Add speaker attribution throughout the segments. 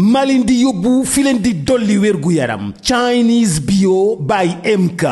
Speaker 1: malin di yóbbu fi leen di dolli wérgu yaram Chinese bio by MK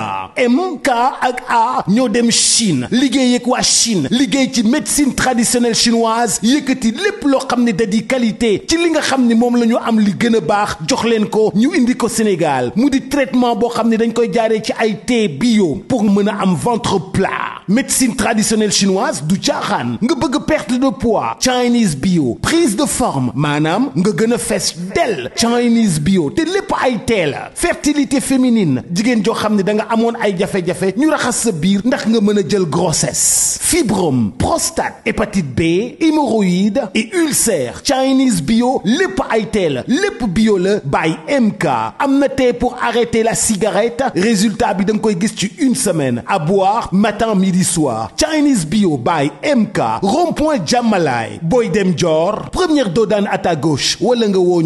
Speaker 1: MK ak A ñoo dem Chine liggéey ak waa Chine liggéey ci médecine traditionnelle chinoise yëkkati lépp loo xam ne da di qualité ci li nga xam ne moom la ñu am li gën a baax jox leen ko ñu indi ko Sénégal mu di traitement boo xam ne dañ koy jaaree ci ay thé bio pour mën a am ventre plat médecine traditionnelle chinoise du caaxaan nga bëgg perte de poids Chinese bio prise de forme maanaam nga gën a fees del Chinese bio te lépp ay tee la fertilité féminine jigéen joo xam ne da nga amoon ay jafe-jafe ñu raxas sa biir ndax nga mën a jël grossesse fibrome prostate hépatite B hémorroïde et ulcère Chinese bio lépp ay tee la lépp bio la bay MK am na tee pour arrêter la cigarette résultat bi da nga koy gis ci une semaine à boire matin midi soir Chinese bio bay MK rond-point Jamalaay booy dem Dior première doo daan gauche wala nga woo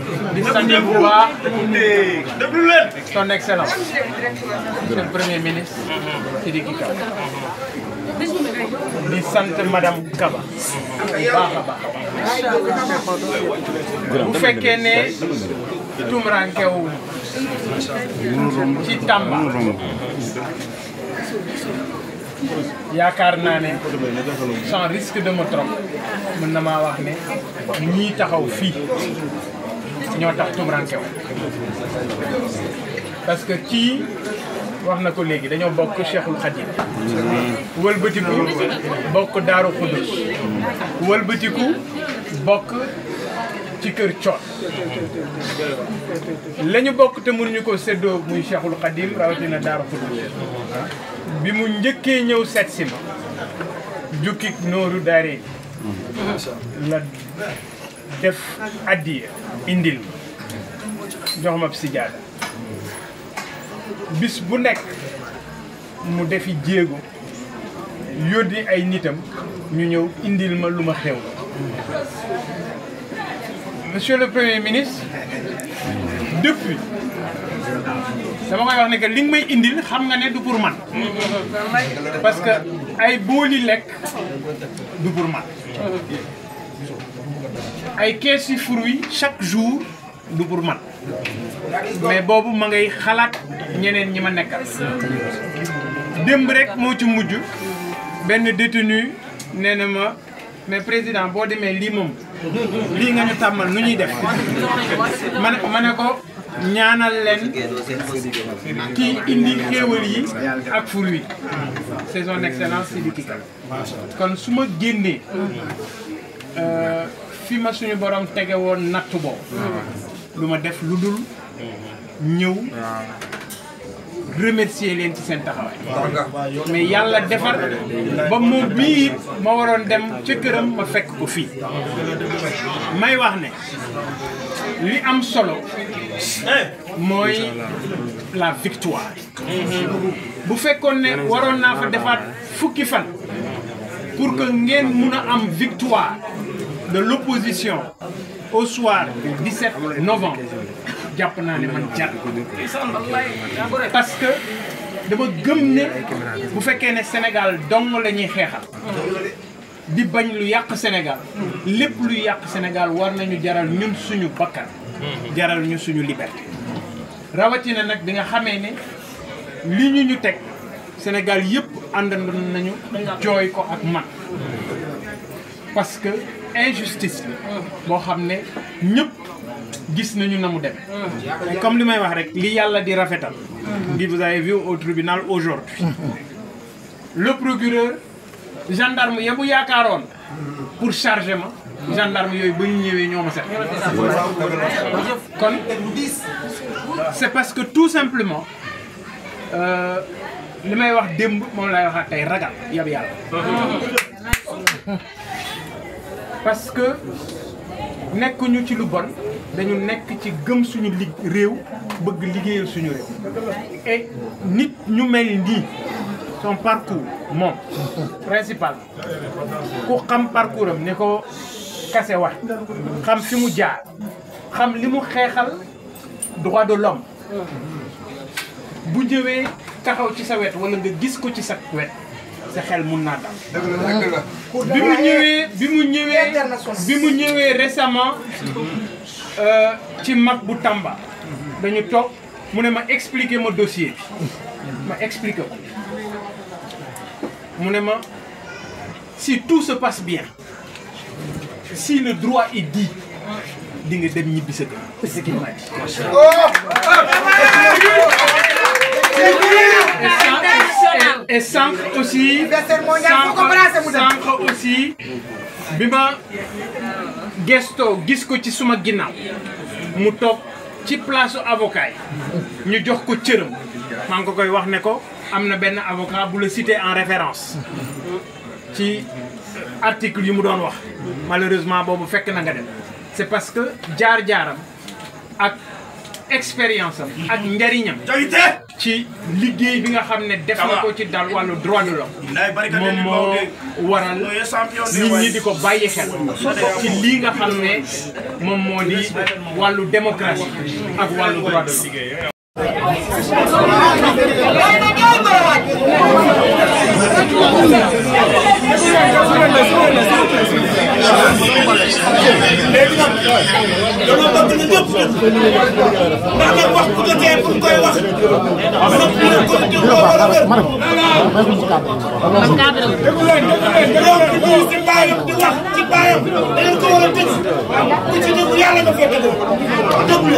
Speaker 2: di sant son excellence monsieur premier ministre Sidiki Kaba di sant madame Kaba baax a bu fekkee ne tumrankewu ci Tamba yaakaar naa ne sans risque de me tromper mën na maa wax ne ñii taxaw fii ñoo tax tumuranke parce que kii wax na ko léegi dañoo bokk Cheikhul Khadim wëlbatiku bokk ci kër coot la ñu bokk te mënuñu ko séddoo muy Cheikhul Khadim rawatina Daaru Xudus bi mu njëkkee ñëw seet ma jukkik nooru daaree la def addiya indil ma jox ma si bis bu nekk mu defi jéego yónni ay nitam ñu ñëw indil ma lu ma xew monsieur le premier ministre depuis dama koy wax ne li may indil xam nga ne du pour man parce que ay booli lekk du pour man ay kees yu fruits chaque jour du pour man mais boobu ma ngay xalaat ñeneen ñi ma nekkal démb rek moo ci mujj benn détenu nee na ma mais président boo demee lii moom lii nga ñu tàmmal nu ñuy def man ma ne ko ñaanal leen kii indi xéewal yi ak fruits c'est son excellence Sidiki Kaba kon su ma génnee euh, fi ma suñu borom tege woon natt boobu lu ma def lu dul ñëw remercier leen ci seen taxawaay mais yàlla defar ba moom bii ma waroon dem ca këram ma fekk ko fii may wax ne li am solo mooy la victoire bu fekkoon ne waroon naa fa defaat fukki fan pour que ngeen mun a am victoire de l'opposition au soir du 17 novembre jàpp naa ne man jar parce que dama gëm ne bu fekkee ne Sénégal dong la ñuy xeexal di bañ lu yàq Sénégal lépp lu yàq Sénégal war nañu jaral ñun suñu bakkan jaral ñu suñu liberté rawatina nag bi nga xamee ne li ñu ñu teg Sénégal yëpp àndandoo nañu jooy ko ak man parce injustice bi boo xam ne ñëpp gis nañu na mu dem comme li may wax rek li yàlla di rafetal bi vous avez vu au tribunal aujourd'hui le procureur gendarme ya bu yaakaaroon pour charger ma gendarme yooyu ba ñu ñëwee ñoo ma set kon c'est parce que tout simplement euh, li may wax démb moom laay waxaat tey ragal yab yàlla parce que nekkuñu ci lu bon dañu nekk ci gëm suñu li réew bëgg liggéeyal suñu réew nit ñu mel nii son parcours moom principal ku xam parcours am ni ko kase wax xam fi mu jaar xam li mu xeexal droit de l'homme bu jëwee taxaw ci sa wet walla nga gis ko ci sa wet sa xel mun naa dal. bi mu ñëwee bi mu ñëwee bi mu ñëwee récemment euh, ci mag bu tàmba dañu toog mu ne ma expliquer ma dossier bi ma expliquer ko mu ne ma si tout se passe bien si le droit est dit di nga dem ñibbi sa dëkk. c'est ce qu'il m'a dit. Oh! et aussi sànq aussi bi ma gestoo gis ko ci suma ginnaaw mu toog ci place avocat yi ñu jox ko cëram maa ngi ko koy wax ne ko am na benn avocat bu la cité en référence ci article yi mu doon wax malheureusement boobu fekk na nga dem c'est parce que jaar-jaaram ak expérience am ak njariñam ci liggéey bi nga xam ne def na ko ci dal wàllu droit de l'homme moom moo waral nit ñi di ko bàyyi xel ci lii nga xam ne moom moo di wàllu démocratie ak wàllu droit de l'homme dañoo bëgg na ñëpp
Speaker 1: ndax nag wax bu jotee bu koy wax. ndax bu ko jël loo war a gën. yow ci baayam di wax ci baayam da leen ko war a déglu ku ci déglu yàlla nga fekk
Speaker 3: déglu.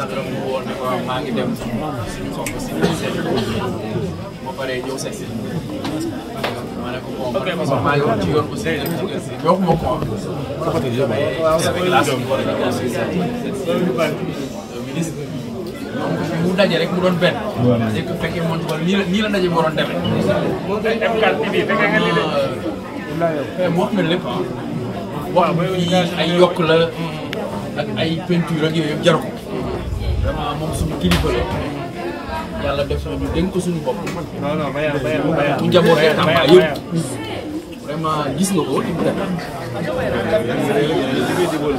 Speaker 3: naka mu woo ne ko maa ngi dem suñu xomb si seen ba pare ñëw ne ko bon ma ne maa ngi ci yoon aussi dem ci kër si yokk
Speaker 2: ma ko avec la
Speaker 1: euh,
Speaker 3: ministre mu daje rek mu doon benn. parce que fekkee moom nii la nii la daje waroon demee. mu wax na ay yokk la ak ay peinture ak yooyu yëpp vraiment moom suñu kilifa la yàlla def na ñu dénk ko suñu bopp. non non bayal bayal bayal mu vraiment gis nga ko.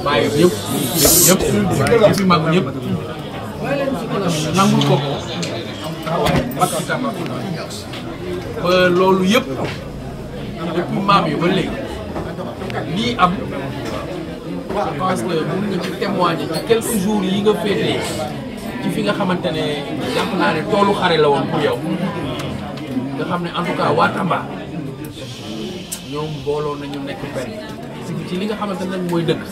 Speaker 3: bàyyi yëpp yëpp yëpp mag ñëpp. nangul ko ba loolu yëpp. depuis maam yi ba léegi lii am. je pense que mën nga ci yi nga féetee ci fi nga xamante ne jàpp naa ne toolu xare la woon pour yow nga xam ne en tout cas waa Tamba ñoom booloo nañu nekk benn ci li nga xamante ne mooy dëkk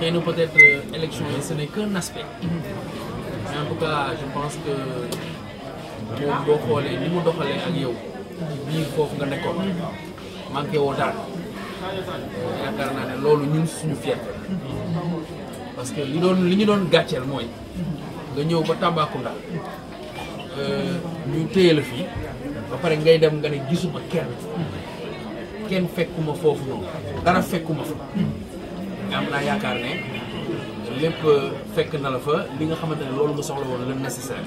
Speaker 3: xëy na peut-être euh, élection yi ce n'est qu'un aspect mais en tout cas je pense que moom boo xoolee ni mu doxalee ak yow bii foofu nga nekkoon manqué woo daal
Speaker 2: yaakaar
Speaker 3: naa ne loolu ñun suñu fierté parce que li doon li ñu doon gàcceel mooy nga ñëw ba Tambacounda euh, ñu téye la fii ba pare ngay dem nga ne gisuma kenn kenn fekkuma foofu noonu dara fekkuma fa am naa yaakaar ne lépp euh, fekk na la fa li nga xamante ne loolu nga soxla woon la nécessaire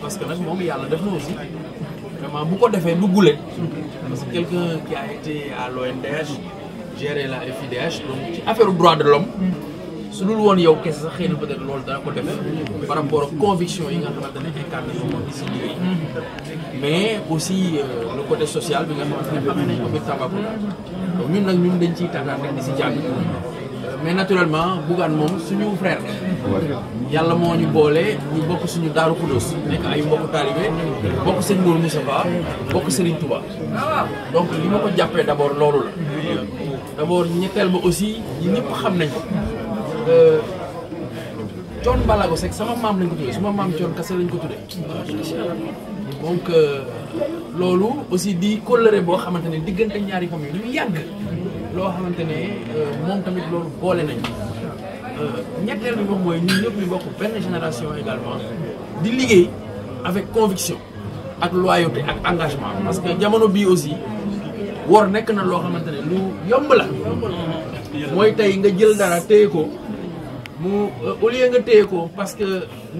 Speaker 3: parce que nag moom yàlla def na aussi vraiment bu ko defee du gulet parce que quelqu'un qui a été à l'ONDH géré la FIDH donc ci affaire droit de l'homme su dul woon yow kese sax xëy na peut-être loolu dana ko def par rapport ak conviction yi nga xamante ne incarné na moom ici liggéey mais aussi euh, le côté social bi nga xamante ne am nañ ko biir Tambacounda donc ñun nag ñun dañ ciy tàngaat rek di si jàng mais naturellement Bougane moom suñu frère yàlla moo ñu boole ñu bokk suñu Daaru Xudus. nekk ay mbokku taalibe bokk sëñ Mourou Moustapha bokk Serigne Touba. donc li ma ko jàppee d' abord loolu la. d' abord aussi xam nañ ko. Thione euh, Ballago Seck sama maam lañ ko tuddee suma maam Thione lañ ko tuddee. donc euh, loolu aussi di kóllëre boo xamante ne diggante ñaari famille lu yàgg. loo xamante ne euh, moom tamit loolu boole nañ euh, ñetteel bi moom mooy ñun ñëpp ñu bokk benn génération également di liggéey avec conviction ak loyauté ak engagement parce que jamono bii aussi woor nekk na loo xamante ne lu yomb la mooy tey nga jël dara téye ko mu euh, au nga téye ko parce que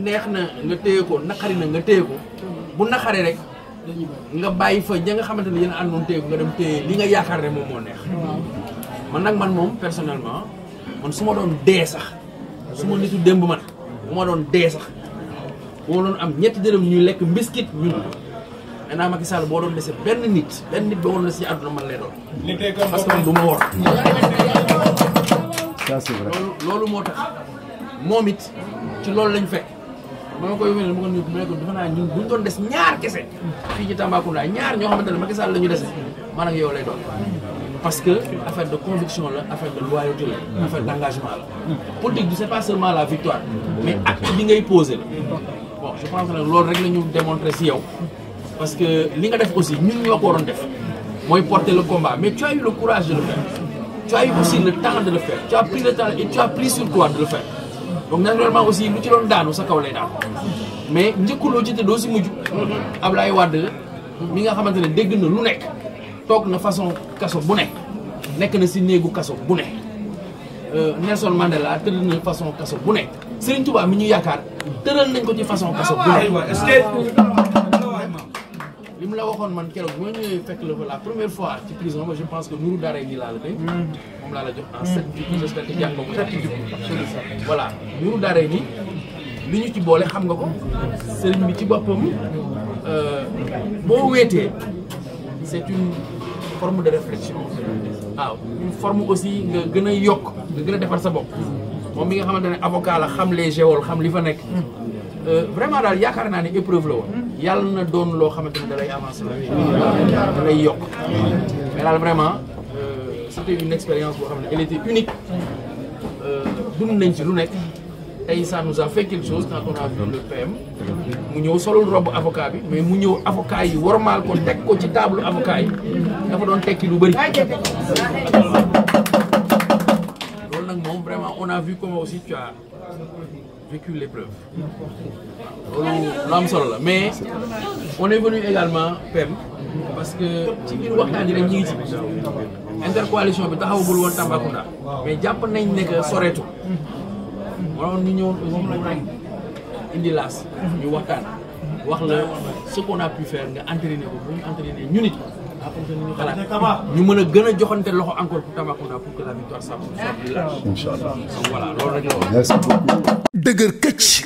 Speaker 3: neex na nga téye ko naqari na nga téye ko bu naqari rek nga bàyyi fa ña nga xamante ne yéen àndoon téye ko nga dem téye li nga yaakaar ne moom moo neex man nag man moom personnellement man su ma doon dee sax su ma nitu démb man bu ma doon dee sax bu ma am ñetti dërëm ñuy lekk mbiskit ñun nee naa boo doon dese benn nit benn nit boo doon dese ci àdduna man lay doon. parce que man du ma wor. ça c'est vrai loolu moo tax moom it ci loolu lañ fekk. ba ko nuyu ma ne ko dafa naa ñun buñ doon des ñaar kese fii ci Tambacounda ñaar ñoo xamante ne Macky la ñu dese man ak yow lay doon. parce que affaire de conviction la affaire de loyauté la mm. affaire d' engagement la politique bi c' est pas seulement la victoire mais acte bi ngay posé la bon je pense nag loolu rek la démontrer si yow parce que li nga def aussi ñun ñoo ko waroon def mooy porter le combat mais tu as eu le courage de le faire tu as eu aussi de le faire tu as pris le temps et tu as pris donc naturellement aussi lu ci doon daanu sa kaw lay daan mais njëkkuloo ci te doo si mujj mm-hmm. Ablaye Wade mi nga xamante ne dégg na lu nekk toog na façon kaso bu ne nekk na si néegu kaso bu ne euh, Nelson Mandela tëral na façon kaso bu ne Serigne Touba mi ñu yaakaar tëral nañ ko ci façon kaso bu ne ah, li mu la waxoon man keroog moo ñëwee fekk la fa la première fois ci prison ma je pense que nuru daara yi laa la tey hmm. la jox en sept jub voilà nuru daara yi li ñu ci boole xam nga ko sëriñ bi ci boppam euh, boo weetee forme de réflexion waaw une forme aussi nga gën a yokk nga gën a defar sa bopp moom mi nga xamante ne avocat la xam les géol xam li fa nekk euh, vraiment daal yaakaar naa ne épreuve la woon yàlla na doon loo xamante ne da lay avancer da lay yokk mais daal vraiment euh, c'était une expérience boo xam ne elle était unique euh, nañ ci lu nekk tey ça nous a fait quelque chose quand on a vu le PM mu ñëw solul robu avocat bi mais mu ñëw avocat yi warmaal ko teg ko ci table avocat yi dafa doon tekki lu bëri loolu nag moom vraiment on a vu comment aussi tu am solo la mais on est venu également pem parce que ci biir waxtaan yi rek ñu ngi intercoalition bi taxawagul woon Tambacounda mais jàpp nañ ne soreetu waroon ñu ñëw moom la ñu indi laas. ñu waxtaan. wax la ce qu'on a pu faire nga entraîné ko bu ñu entraîné ñu nit. ñu ñu mën a gën a joxante loxo encore pour Tambacounda pour que la victoire soit. incha allah voilà loolu rek la wax. merci beaucoup.
Speaker 1: dëgër këcc.